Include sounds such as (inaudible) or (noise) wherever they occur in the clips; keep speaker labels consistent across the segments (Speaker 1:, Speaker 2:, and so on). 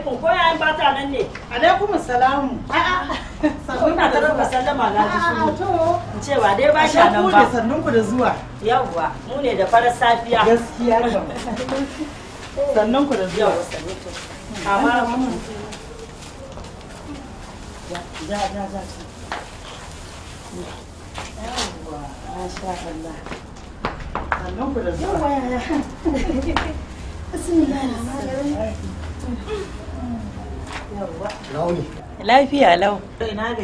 Speaker 1: alaikum ko yayin nan ne alaikum na tarar ba sallama na ji to dai ba shi nan ba sannun ku da zuwa yawwa mu ne da farar safiya gaskiya sannun ku da zuwa amma mun ja ja ja yawwa masha Allah (laughs) Lafiya lau. Ina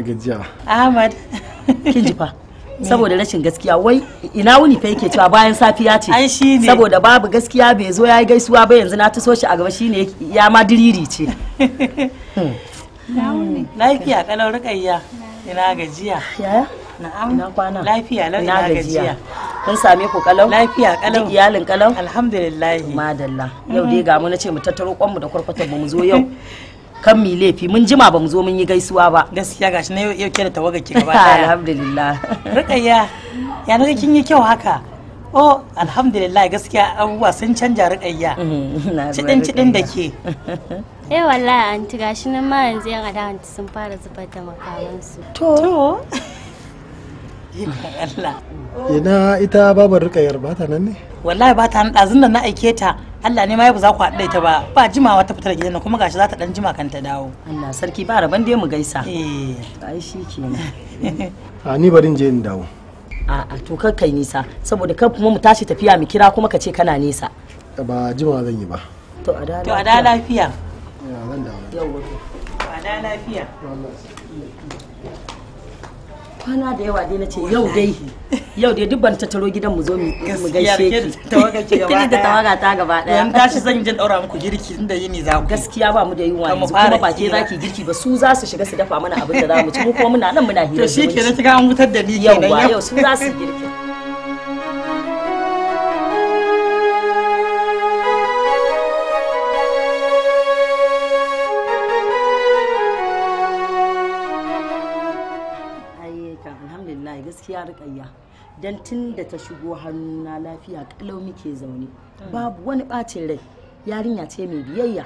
Speaker 1: gajiya. Ah, Ahmad. (laughs) Kin ji fa. saboda rashin gaskiya wai ina wuni fa yake cewa bayan safiya ce saboda babu gaskiya bai zo yayi gaisuwa ba yanzu na taso shi a gaba shine ya ma diriri ce (laughs) lafiya kalau rukayya ina gajiya na'am ina kwana lafiya lau ina gajiya kun same ku kalau lafiya kalau duk iyalin kalau alhamdulillah madalla yau dai ga mu nace mu tattaro kwanmu da kwarkwatar mu mu zo yau (laughs) kan mi laifi mun jima ba mu zo mun yi gaisuwa ba gaskiya gashi na yau ke da tawaga ke (laughs) gaba daya alhamdulillah rukayya ya naga kin yi kyau haka oh alhamdulillah gaskiya abubuwa sun canja rukayya (laughs) cidin cidin da ke (laughs)
Speaker 2: eh wallahi anti gashi nan ma yanzu yan anti sun fara
Speaker 1: zubar da makamansu
Speaker 2: to
Speaker 1: Allah
Speaker 3: ina ita babar rukayyar ba ta nan ne
Speaker 1: wallahi ba ta nan dazun da na aike ta Allah ne ma yau za ku haɗu da ita ba ba jimawa ta fitar da gidan nan kuma gashi za ta dan jima kanta ta dawo Allah sarki ba raban dai mu gaisa eh ai shi kenan (laughs)
Speaker 3: a ni barin je in dawo
Speaker 1: a'a to kar kai nisa saboda kar kuma mu tashi tafiya mu kira kuma ka ce kana nisa ba jimawa zan yi ba to a da lafiya to a da lafiya ya zan dawo yawa to a da lafiya kwana da yawa dai nace yau dai yau dai duk ban tattaro gidan mu zo mu gaishe ki kin da (laughs) tawaga ta gaba daya dan tashi zan je daura muku girki tunda yini za ku gaskiya ba mu da yunwa yanzu kuma ba ke zaki girki ba su za su shiga su dafa mana abin da za mu ci mu kuma muna nan muna hira to shikenan kiga an wutar da ni kenan yau su za su girki rikayya don tun da ta shigo hannuna lafiya kalau muke zaune mm. babu wani bacin rai yarinya ce mai biyayya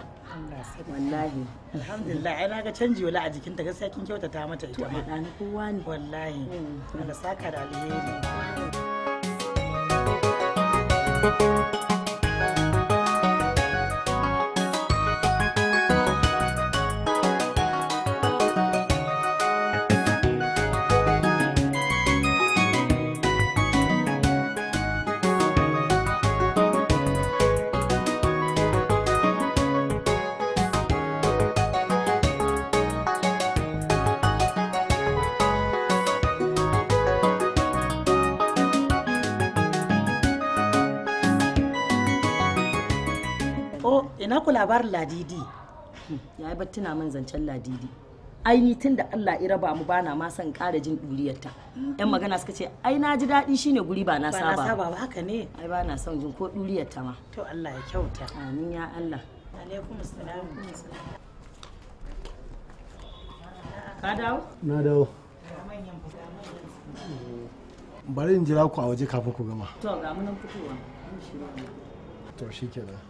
Speaker 1: wallahi alhamdulillah ai ga canji wala a ta gaskiya kin kyautata mata ita ma dani kowa ne wallahi mm. Allah saka da alheri ina ku labarin ladidi hmm, ya yi battuna min zancen ladidi aini tun da Allah ira ba mu bana ma son kara jin duriyarta yan magana suka ce ai na ji daɗi shine guri ba na saba ba na saba ba haka ne ai ba na son jin ko duriyarta ma to Allah ya kyauta amin ya Allah alaikum assalam ka dawo
Speaker 3: na dawo bari in jira ku a waje kafin ku gama
Speaker 1: to ga munan fitowa
Speaker 3: to shikenan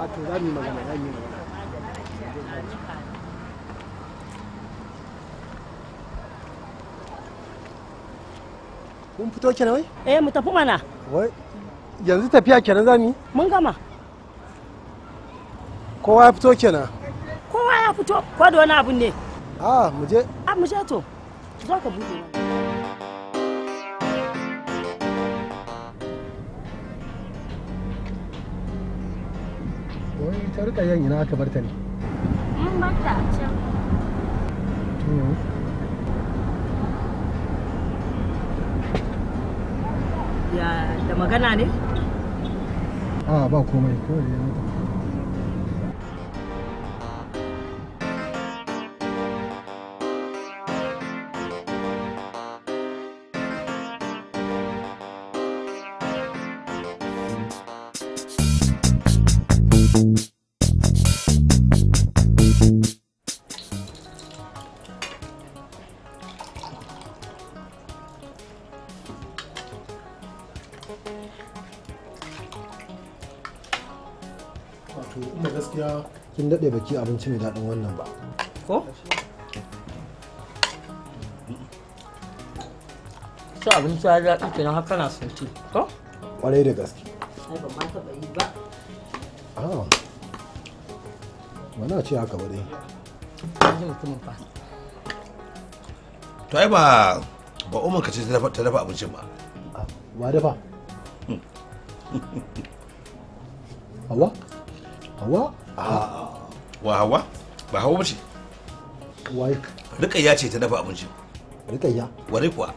Speaker 1: Ah, to za mu magana
Speaker 4: za mu magana
Speaker 3: kun fito kenan wai eh mu tafi mana wai yanzu tafiya kenan
Speaker 1: za mu yi mun gama kowa ya fito kenan kowa ya fito ko da wani abu ne a ah, muje. a ah, muje to zo ka buɗe
Speaker 3: ita rika yan ina aka barta ne
Speaker 1: mun barta a can ya da magana ne
Speaker 3: a ah, ba komai kawai wato kuma gaskiya kin baki abinci mai daɗin wannan
Speaker 1: ba ko abinci ya daɗi kenan haka na sun ci ko
Speaker 3: kwarai da gaske
Speaker 1: ai ban ma taɓa yi ba
Speaker 5: ah. ce haka ba dai to ai ba ba umar ka ce ta dafa abincin ba ba ah, dafa hmm.
Speaker 3: (laughs)
Speaker 5: hawa wa hawa ba hawa bace wai rikayya ce ta dafa abinci rikayya ware kuwa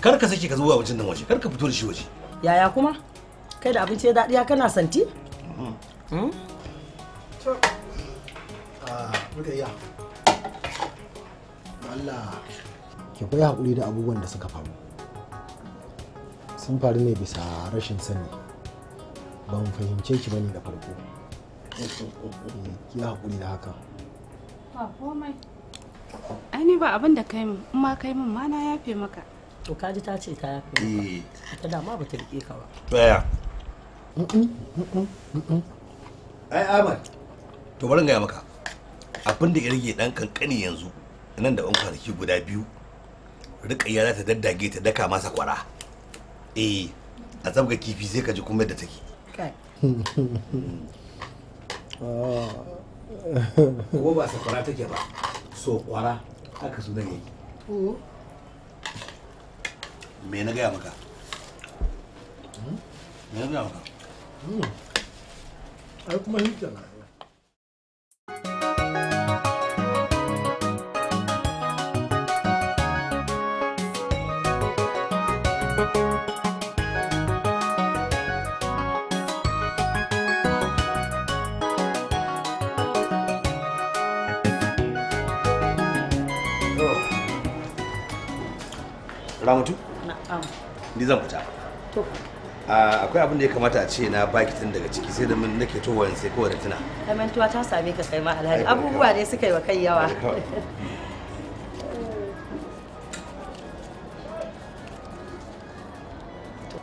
Speaker 5: kar ka sake ka zo abincin nan waje kar ka fito da shi waje
Speaker 1: yaya kuma kai da abinci ya daɗiya kana santi
Speaker 5: mm-hmm. hmm?
Speaker 3: ah, rikayya Allah ke koyi haƙuri da abubuwan da suka faru sun faru ne bisa rashin sani ban fahimce ki bane da farko ki haƙuri da
Speaker 5: haka
Speaker 2: ba komai ai ba abin da kai mun ma kai mun ma na
Speaker 1: yafe maka to kaji ta ce ta yafe maka eh. ta dama ba ta rike ka ba to yaya ai amal.
Speaker 5: to bari gaya maka abin da ya rage dan kankani yanzu nan da an kwanaki guda biyu rika za ta daddage ta daka masa kwara eh a zabga kifi sai ka ji kuma da take (laughs) ko ba take ba so kwara haka su me na gaya maka hmm? me na gaya
Speaker 3: hmm. kuma
Speaker 1: ka
Speaker 5: ni zan fita akwai abin da ya kamata a ce na baki tun daga ciki sai da mun nake to wani sai kawai da tuna
Speaker 1: ta same ka kai ma alhaji abubuwa ne suka yi wa kai yawa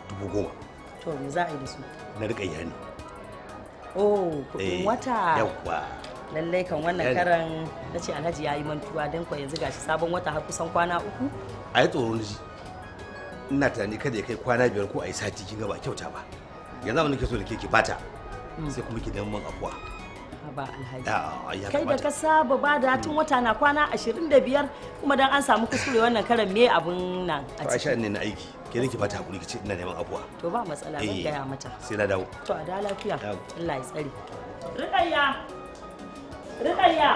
Speaker 1: dubu goma to me za a yi da su na riƙa yani oh kuɗin eh, wata yawwa lallai kan wannan karan na ce alhaji ya yi mantuwa don kwa yanzu gashi sabon wata har kusan kwana uku
Speaker 5: a yi tsoron ji ina tunani kada ya kai kwana biyar ko a yi sati kin ba kyauta ba yanzu abin nake ke so da ke ki bata mm. sai kuma ki neman afuwa
Speaker 3: ba alhaji ah,
Speaker 5: ah, kai da ka
Speaker 1: saba ba da tun mm. wata na kwana 25 kuma dan an samu kuskure wannan karan me abun nan a cikin Aisha
Speaker 5: ne na aiki ke ne ki bata hakuri ki ce ina neman afuwa
Speaker 1: to ba matsala ban eh, gaya mata sai na dawo to a da lafiya Allah ya tsare rikayya rikayya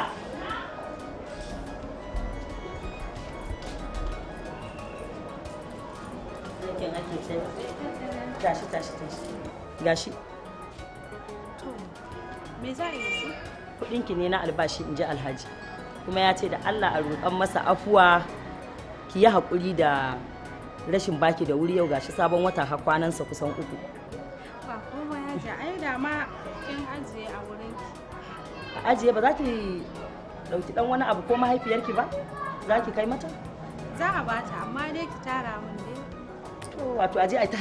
Speaker 1: wankin ake ta tashi tashi tashi gashi me za a yi kudin ki ne na albashi in ji alhaji kuma ya ce da Allah a roƙan masa afuwa ki yi haƙuri da rashin baki da wuri yau gashi sabon wata har kwanansa kusan uku
Speaker 2: ba kuma ya ai da ma kin ajiye a wurin ki ajiye
Speaker 1: ba za ki dauki dan wani abu ko mahaifiyarki ba za ki kai mata
Speaker 2: za a bata amma dai ki tara mun dai
Speaker 1: wato aje a ta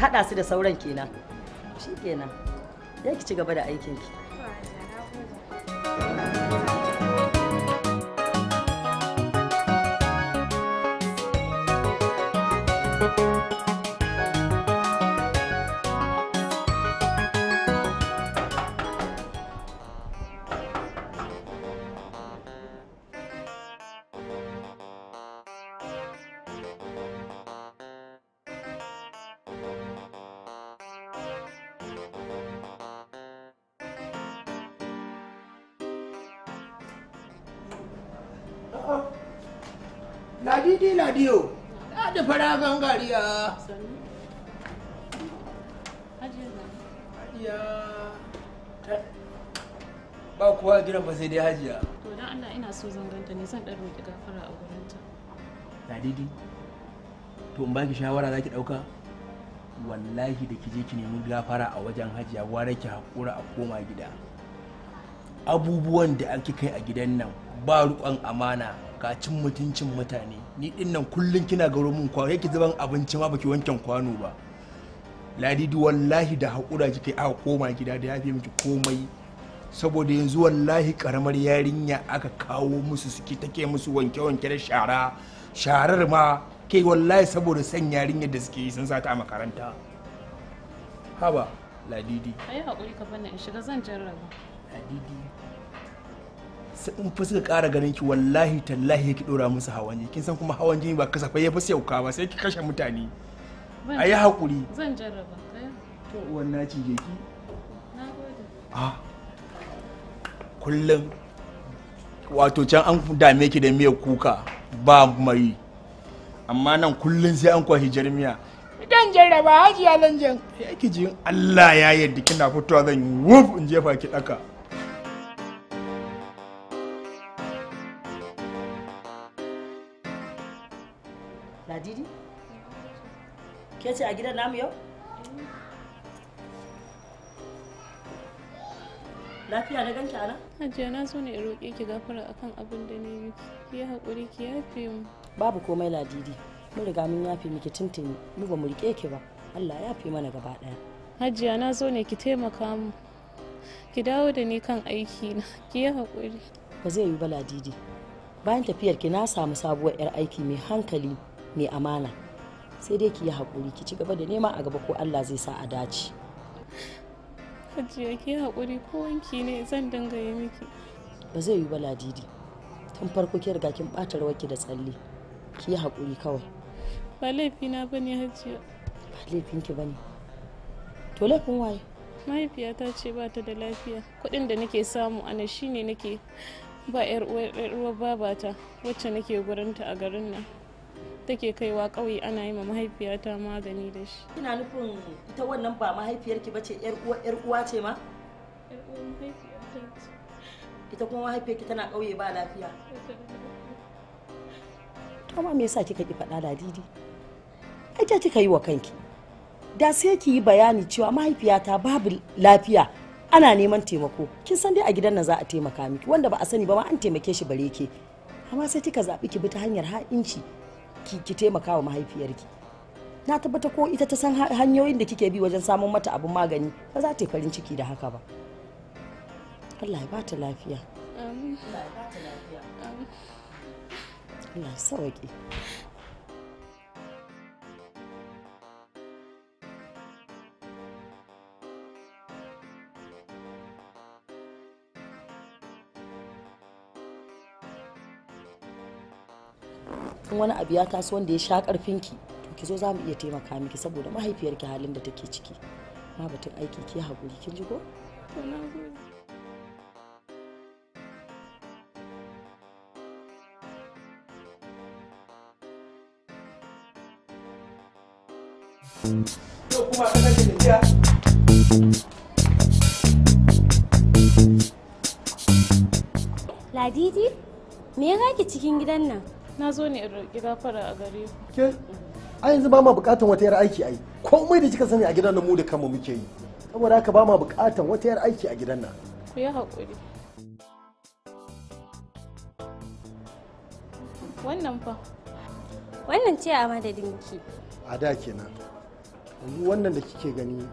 Speaker 1: haɗa su da sauran kenan shi kenan ya ki ci gaba da aikin ki.
Speaker 6: daidai hajiya
Speaker 4: to don Allah ina so zan ganta ne zan ɗan roki gafara a gurin
Speaker 6: ta to in baki shawara zaki dauka wallahi da kije ki nemi gafara a wajen hajiya gwara ki hakura a koma gida abubuwan da ake kai a gidan nan ba ruƙon amana ka cin mutuncin mutane ni din nan kullun kina ga min kwano yake zuban abinci ma baki wanken kwano ba ladidi wallahi da hakura kike a koma gida da yafi miki komai saboda yanzu wallahi karamar yarinya aka kawo musu suke take musu wanke-wanke da shara sharar ma ke wallahi saboda san yarinya da suke yi sun sata a makaranta haba ladidi
Speaker 4: ayi hakuri ka bana in shiga zan jarraba
Speaker 6: ladidi in fa suka ƙara ganin ki wallahi tallahi ki dora musu hawan jini kin san kuma hawan jini ba kasafai ya fi sauka ba sai ki kashe mutane
Speaker 4: ayi hakuri zan jarraba to
Speaker 6: uwan na cije ki na gode ah kullum wato can an dame ki da miyar kuka ba mai amma nan kullum sai an kwashi jarmiya dan jarraba hajiya zan jan yake ji Allah ya yarda kina fitowa zan wuf in jefa ki daka
Speaker 1: Ladidi? Ke ce a gidan namu yau? lafiya na ganki ana? hajiya na so ne
Speaker 4: roƙe ki gafara akan abin da ne yi ki yi haƙuri ki yafe mu
Speaker 1: babu komai ladidi mun riga mun yafe miki tuntuni mu ba mu riƙe ki ba allah ya fi mana gaba ɗaya
Speaker 4: hajiya na zo ne ki taimaka mu ki dawo da ni kan aiki na ki yi haƙuri
Speaker 1: ba zai yi ba ladidi bayan tafiyar ki na samu sabuwar yar aiki mai hankali mai amana sai dai ki yi haƙuri ki ci gaba da nema a gaba ko allah zai sa a dace
Speaker 4: hajiya ki haƙuri ko wanki ne zan dinga yi miki
Speaker 1: ba zai yi ba ladidi tun farko ki riga kin ɓata rawarki da tsalle ki yi haƙuri kawai
Speaker 4: ba laifina ba ne hajiya
Speaker 1: ba ki ba ne to
Speaker 4: laifin waye mahaifiyata ce ba ta da lafiya kuɗin da nake samu ana shine nake ba 'yar uwar babata wacce nake gurinta a garin nan take
Speaker 1: kaiwa kauye ana yi ma mahaifiyata magani da shi. Kina nufin ita wannan ba mahaifiyarki bace yar uwa yar uwa ce ma? Ita kuma mahaifiyarki tana ƙauye ba lafiya. Amma me yasa kika ki faɗa da Didi? Ai ta kika yi wa kanki. Da sai ki yi bayani cewa mahaifiyata babu lafiya ana neman taimako. Kin san dai a gidan nan za a taimaka miki wanda ba a sani ba ma an taimake shi bare ke. Amma sai kika zaɓi ki bi ta hanyar ha'inci. inci ki taimaka wa mahaifiyarki na tabbata ko ita ta san hanyoyin da kike bi wajen samun mata abin magani ba za ta yi farin ciki da haka ba Allah ya ba ta lafiya Allah ya sauke in wani abu ya taso wanda ya sha karfin ki to ki zo za mu iya taimaka miki saboda mahaifiyar ki halin da take ciki ma batun aiki ki hakuri kin ji ko
Speaker 2: Ladidi, me ya ki cikin gidan nan? na
Speaker 4: zo ne a roƙi gafara a gare
Speaker 2: ku
Speaker 3: ke a yanzu ba ma wata yar aiki ai komai da kika sani a gidan nan mu da kanmu muke yi saboda haka ba ma wata yar aiki a gidan nan
Speaker 4: ku yi hakuri. wannan fa wannan
Speaker 2: ce a ki.
Speaker 3: a da kenan yanzu wannan da kike gani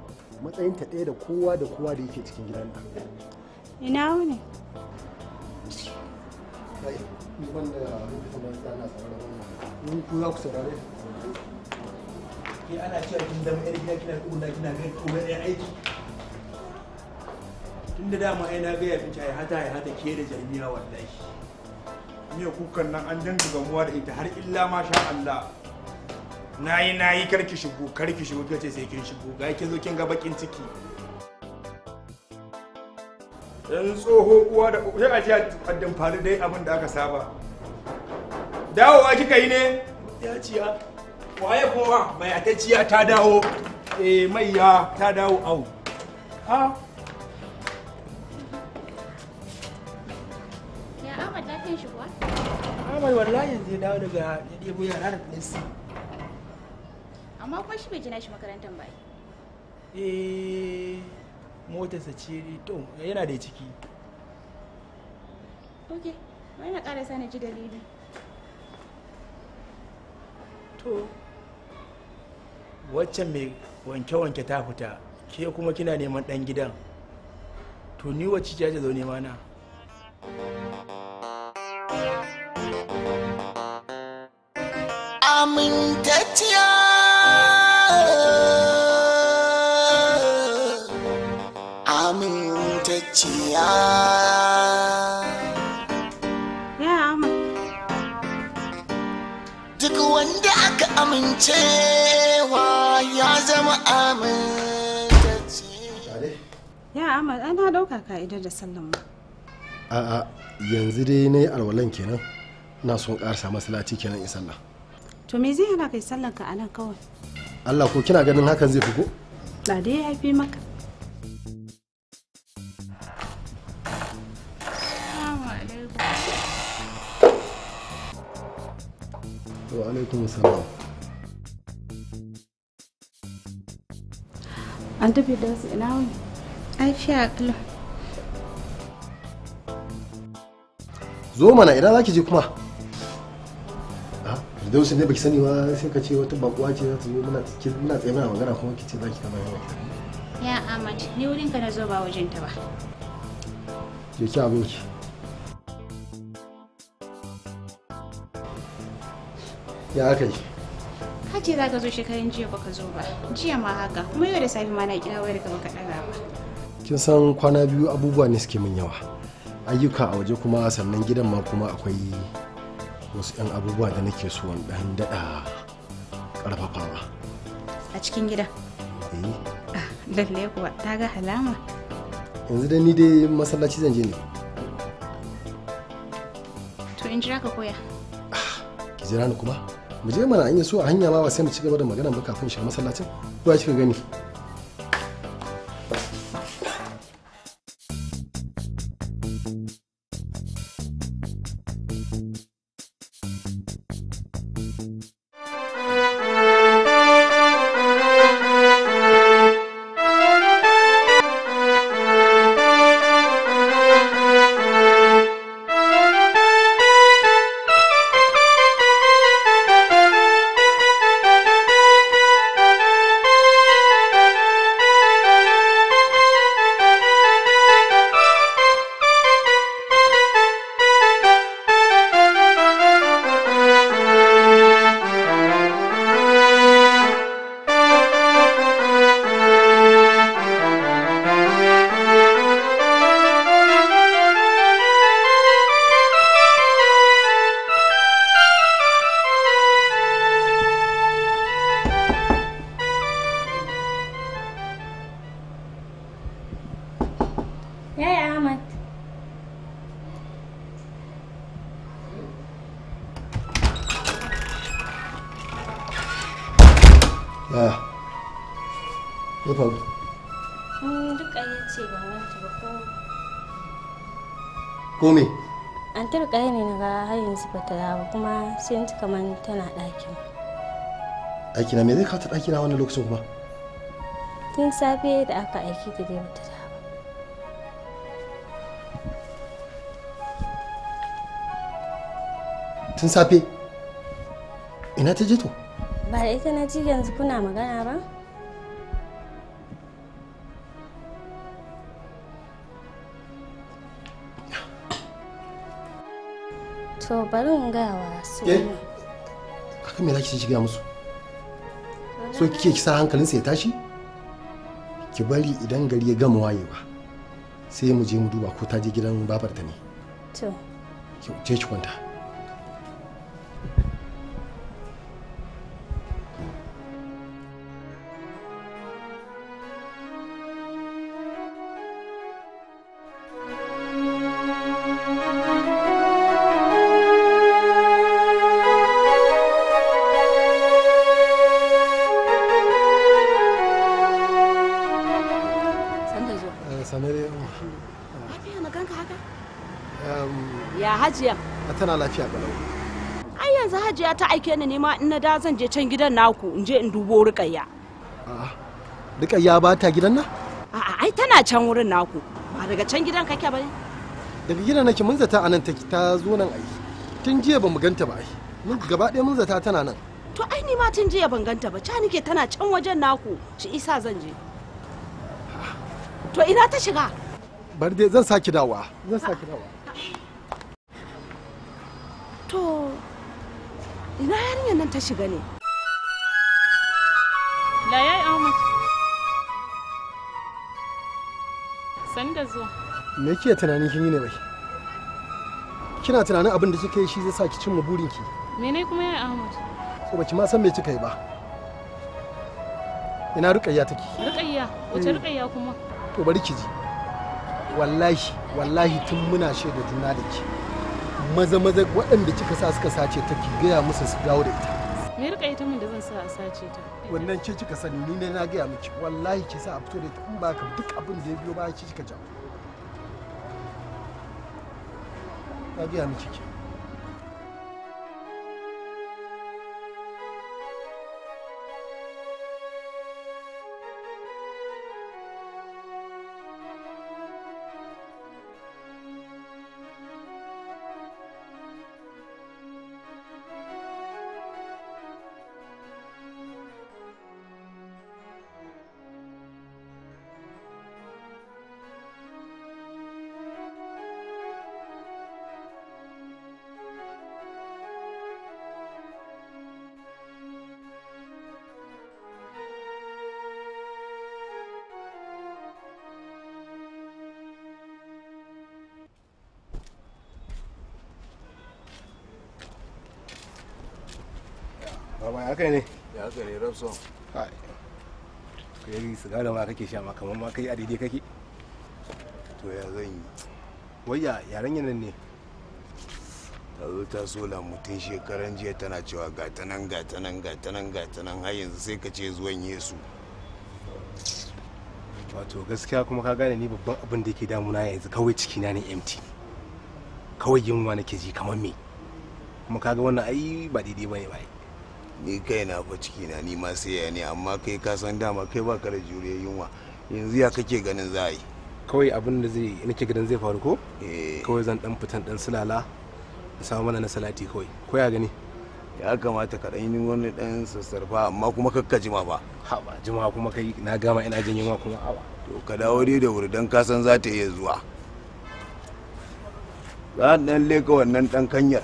Speaker 3: ta ɗaya da kowa da kowa da yake cikin gidan nan ina wuni wanda rubuta mai sana sauraron wannan ku za da saurare
Speaker 6: ke ana cewa kin zama yar gida kina kuma kina ga kuma ɗaya aiki tun da dama ai na ga ya fice hata ke da jarmiya wallahi miya kukan nan an danga gamuwa da ita har illa ma sha Allah nayi nayi karki shigo karki shigo kace sai kin shigo ga kin zo kin ga bakin ciki yanzu eh, tsoho uwa da sai a ce a damfari dai abin da aka saba dawowa kika yi ne ya ciya ah, waye kowa mai atacciya ta dawo eh ya ta dawo au ha
Speaker 4: ya amma ta kan shi kuwa
Speaker 6: amma wallahi yanzu ya dawo daga ya debo yara da ɗansa
Speaker 4: amma kuma shi bai jina shi makarantar ba
Speaker 6: eh motarsa ce to yana da ciki
Speaker 4: ok mai na ƙarasa na ji dalili to
Speaker 6: waccan mai wanke-wanke ta fita ke kuma kina neman ɗan gidan to ni wacce ce zo nema na
Speaker 7: amintacciya
Speaker 4: duk wanda aka amincewa ya zama
Speaker 2: amintacce ya amal ana dauka ka'idar da sallama
Speaker 3: a'a yanzu dai na yi alwalan kenan na son karsa masalaci kenan in sallah
Speaker 2: to me zai hana kai sallan ka anan kawai
Speaker 3: Allah ko kina ganin hakan zai fi ko
Speaker 2: da dai ya fi maka alaikum an tafi da su
Speaker 4: ina wani afiya kala
Speaker 3: zo mana idan za ki je kuma ah, da wasu ne baki sani ba sai ka ce wata bakuwa ce za ta zo muna tsaye mana magana kuma ki ce za ki kama yawa
Speaker 4: ya amma ni wurin ka na zo ba wajen ta ba
Speaker 3: je ki ya aka yi
Speaker 4: hajji za ka zo shekarun jiya baka zo ba jiya ma haka kuma yau da safe ma na kira wayar ka baka ɗaga ba
Speaker 3: kin san kwana biyu abubuwa ne suke min yawa ayyuka a waje kuma sannan gidan ma kuma akwai wasu 'yan abubuwa da nake so an daɗa ƙarfafawa
Speaker 4: a cikin gida eh. ah, lalle kuwa ta ga halama
Speaker 3: yanzu da ni dai masallaci zan je ne
Speaker 4: to in jira ka koya ah,
Speaker 3: ki jira ni kuma mu je mana an yi so a hanya ma ba sai mu ci gaba da magana ba kafin shiga masallacin ko kika gani
Speaker 2: su bata ba kuma sai ta kamar tana ɗakin
Speaker 3: ɗakina na me zai kawo ta ɗaki na wannan lokacin kuma
Speaker 2: tun safe da aka aiki ta dai bata ba.
Speaker 3: tun safe ina ta je to
Speaker 2: ba da ita na ji yanzu kuna magana ba so bari in gawa su
Speaker 3: me zaki shiga musu so kike kisa hankalinsa ya tashi ki bari idan gari ya gama wayewa sai mu je mu duba ko ta je gidan babarta ne to ki je ki kwanta hajiya tana lafiya galau
Speaker 4: ai yanzu hajiya ta aike ni nema in na da zan je can gidan naku in je in dubo rukayya
Speaker 3: rukayya ba ta gidan nan
Speaker 4: a'a ai tana can wurin naku ba daga can gidan kake ba
Speaker 3: daga gidan nake mun zata anan ta ta zo nan ai tun jiya ba mu ganta ba ai mun gaba ɗaya mun zata tana nan
Speaker 4: to ai ni ma tun jiya ban ganta ba ca nike tana can wajen naku shi isa zan je to ina ta shiga
Speaker 3: Bari dai zan saki dawa
Speaker 4: zan saki dawa
Speaker 2: to ina yarinyar nan ta shiga ne
Speaker 4: la yayi ahmad san da zuwa
Speaker 3: me kike tunanin kin yi ne bai kina tunanin abin da kika yi shi zai sa ki cimma burin ki
Speaker 4: mene kuma yayi ahmad
Speaker 3: so baki ma san me kika yi ba ina rukayya take
Speaker 4: rukayya wace eh. rukayya kuma
Speaker 3: to bari ki ji wallahi wallahi tun muna shaida juna da ke maza maza waɗanda kika sa suka sace ta ki gaya musu su dawo da ita
Speaker 4: me rika ita min da zan sa a sace ta
Speaker 3: wannan ce kika sani ni ne na gaya miki wallahi ki sa a fito da ita in ba ka duk abin da ya biyo ba ki kika jawo na gaya miki ki
Speaker 8: ba ya
Speaker 5: ne
Speaker 9: ya kai ne ramson hai kai sigara ma kake sha ma kamar ma kai a daidai kake to ya zan yi wayya yaren yanan ne ta zo ta sola mutum shekaran jiya tana cewa gata nan gata nan gata nan gata nan har yanzu sai ka ce zuwan yesu wato gaskiya kuma ka gane ni babban abin da yake damuna yanzu kawai cikina ne mt kawai yunwa ke ji kamar me kuma kaga wannan ai ba daidai ba ne ba ni kai na fa ciki na ni ma sai ya ne amma kai ka san dama kai ba ka da jure yunwa yanzu ya kake ganin za a yi kawai abin da zai nake gidan zai faru ko eh. kawai zan dan fitan dan sulala in samu mana na salati kawai ko ya gani ya kamata ka ɗanyi wani ɗan sassarfa amma kuma kakka jima ba ba jima kuma kai na gama ina jin yunwa kuma awa to ka dawo dai da wuri don ka san za ta iya zuwa za dan leka wannan ɗan kanyar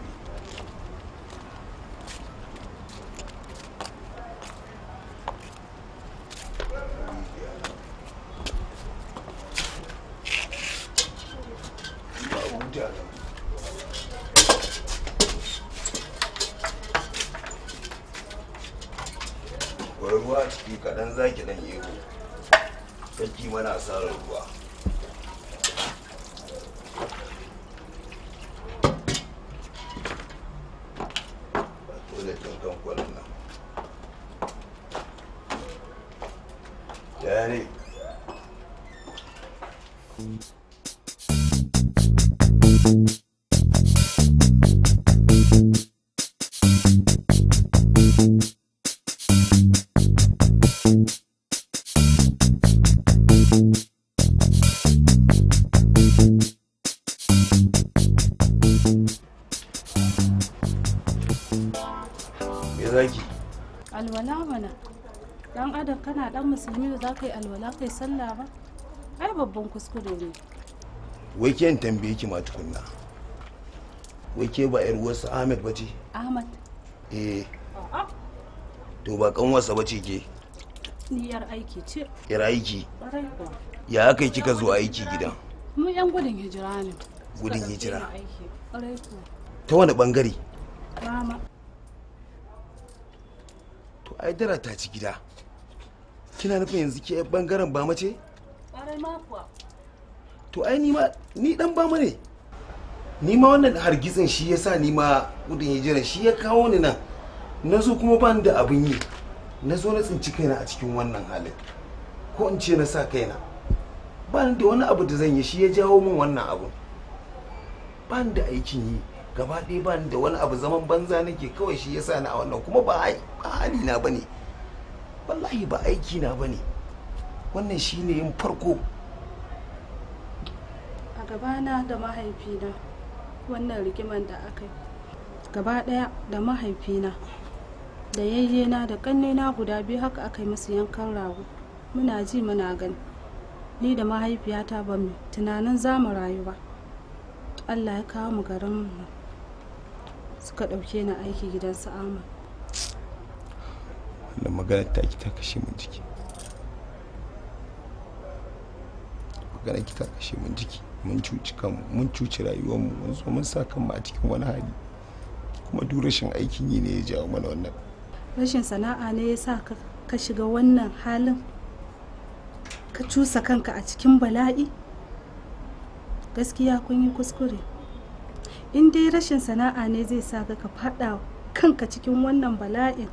Speaker 9: sarki mana asarar ruwa
Speaker 2: musulmi da za ka yi alwala ka yi sallah ba ai babban kuskure ne
Speaker 9: wai ke tambaye ki ma tukunna wai ke ba yar wasu ahmed bace ahmed eh to ba kan wasa bace ke
Speaker 2: ni yar aiki ce
Speaker 9: yar aiki ya kai kika zo aiki gidan
Speaker 2: mu yan gudun hijira ne gudun hijira
Speaker 9: ta wani bangare rama to ai dara ta ci gida kina nufin yanzu ke bangaren ba mace to ai ni ma ni dan ba ne ni ma wannan hargitsin shi ya sa ni ma gudun hijira shi ya kawo ni nan na zo kuma ban da abin yi na zo na tsinci kaina a cikin wannan halin ko in ce na sa kaina ba ni da wani abu da zan yi shi ya jawo min wannan abun ba ni da aikin yi gaba ɗaya ba ni da wani abu zaman banza nake kawai shi ya sa ni a wannan kuma ba hali na ba wallahi ba aiki na bane
Speaker 2: wannan shine yin farko a gabana da mahaifina wannan rigiman da aka yi gaba daya da mahaifina da yayyena da kannena guda biyu haka aka yi musu yankan rago muna ji muna gani ni da mahaifiyata ba mu tunanin za mu rayu ba allah ya kawo mu garin mu suka ɗauke ni aiki gidan su ahmad
Speaker 9: da maganar taki ta kashe mun jiki maganar ki ta kashe mun jiki mun cuci kanmu mun cuci rayuwarmu mun zo mun sa kanmu a cikin wani hali kuma duk rashin aikin yi ne ya jawo mana wannan
Speaker 2: rashin sana'a ne ya sa ka shiga wannan halin ka cusa kanka a cikin bala'i gaskiya kun yi kuskure in dai rashin sana'a ne zai sa ka fada kanka cikin wannan bala'in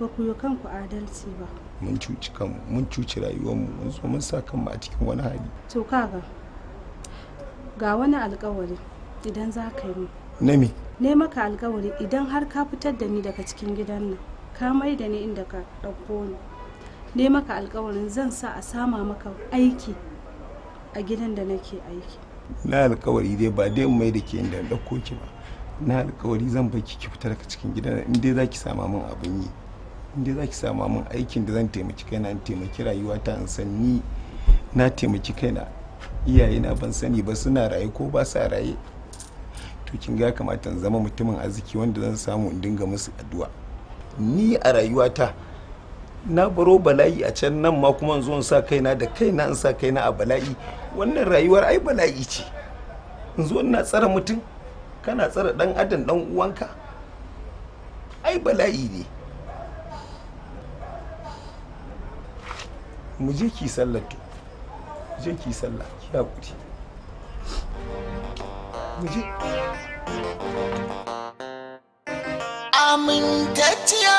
Speaker 2: ba ku yi kanku adalci ba
Speaker 9: mun cuci kan mun cuci rayuwarmu mun so mun sa kanmu a cikin wani hali
Speaker 2: to kaga ga wani alkawari idan za ka yi na me ne maka alkawari idan har ka fitar da ni daga cikin gidan nan ka mai da ni inda ka ɗauko ni ne maka alkawarin zan sa a sama maka aiki a gidan da nake aiki
Speaker 9: na alkawari dai ba dai mai da ke inda ɗauko ki ba na alkawari zan baki ki fita daga cikin gidan in dai za ki sama min abin yi inda za ki sama min aikin da zan taimaki kaina in taimaki rayuwata in san ni na taimaki kaina iyayena ban sani ba suna raye ko ba sa raye to kin ga kamata in zama mutumin arziki wanda zan samu in dinga musu addu'a ni a rayuwata na baro bala'i a can nan ma kuma zo in sa kaina da kaina in sa kaina a bala'i wannan rayuwar ai bala'i ce in zo ina tsara mutum kana tsara dan adam dan uwanka ai bala'i ne mu je ki sallar to je ki sallah ki hakuri mu je
Speaker 7: amintacciya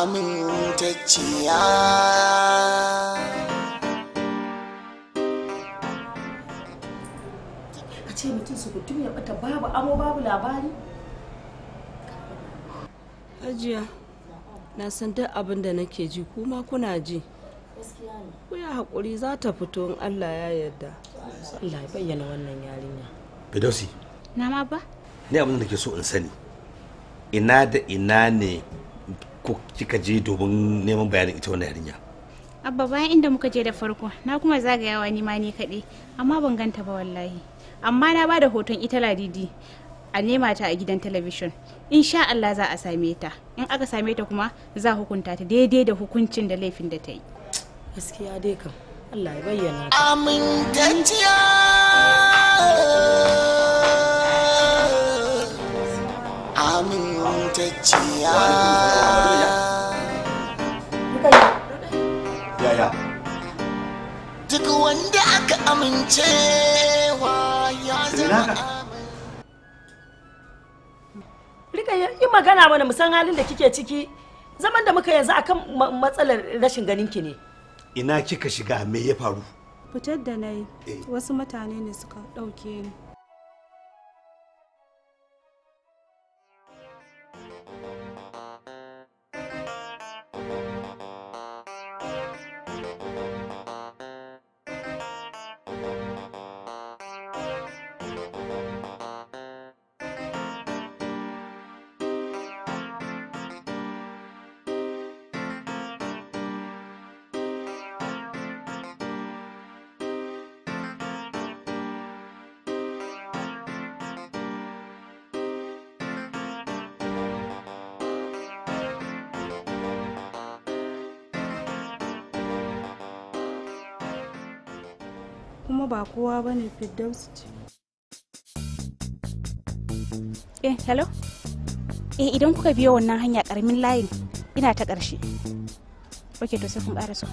Speaker 7: amintacciya
Speaker 1: a ce mutum su ya bata babu amo babu labari
Speaker 4: hajiya na san duk abin da nake ji kuma kuna ji ku ya haƙuri za ta fito in allah ya yarda allah bayyana wannan yarinya fidosi na ma ba
Speaker 5: ni abin da nake so in sani ina da ina ne kika je domin neman bayanin ita wannan yarinya
Speaker 4: abba bayan inda muka je da farko na kuma zagayawa ni ma ni kaɗai amma ban ganta ba wallahi amma na ba da hoton ita ladidi a nema ta a gidan talabishin sha Allah za a same ta in aka same ta kuma za hukunta ta daidai da hukuncin da laifin da ta yi gaskiya
Speaker 1: dai kam Allah ya bayyana amintacciya amintacciya yaya duk wanda aka amincewa ya zama rika yi magana mana musan halin da kike ciki zaman da muka yanzu akan matsalar rashin ganin ki ne
Speaker 5: ina kika shiga me ya faru
Speaker 2: fitar da na yi eh. wasu mutane ne suka ɗauke ni
Speaker 4: kuma ba kowa ba ne firdausu ce eh hello eh idan kuka biyo wannan hanya karamin layin ina ta ƙarshe ok to sai kun ƙara so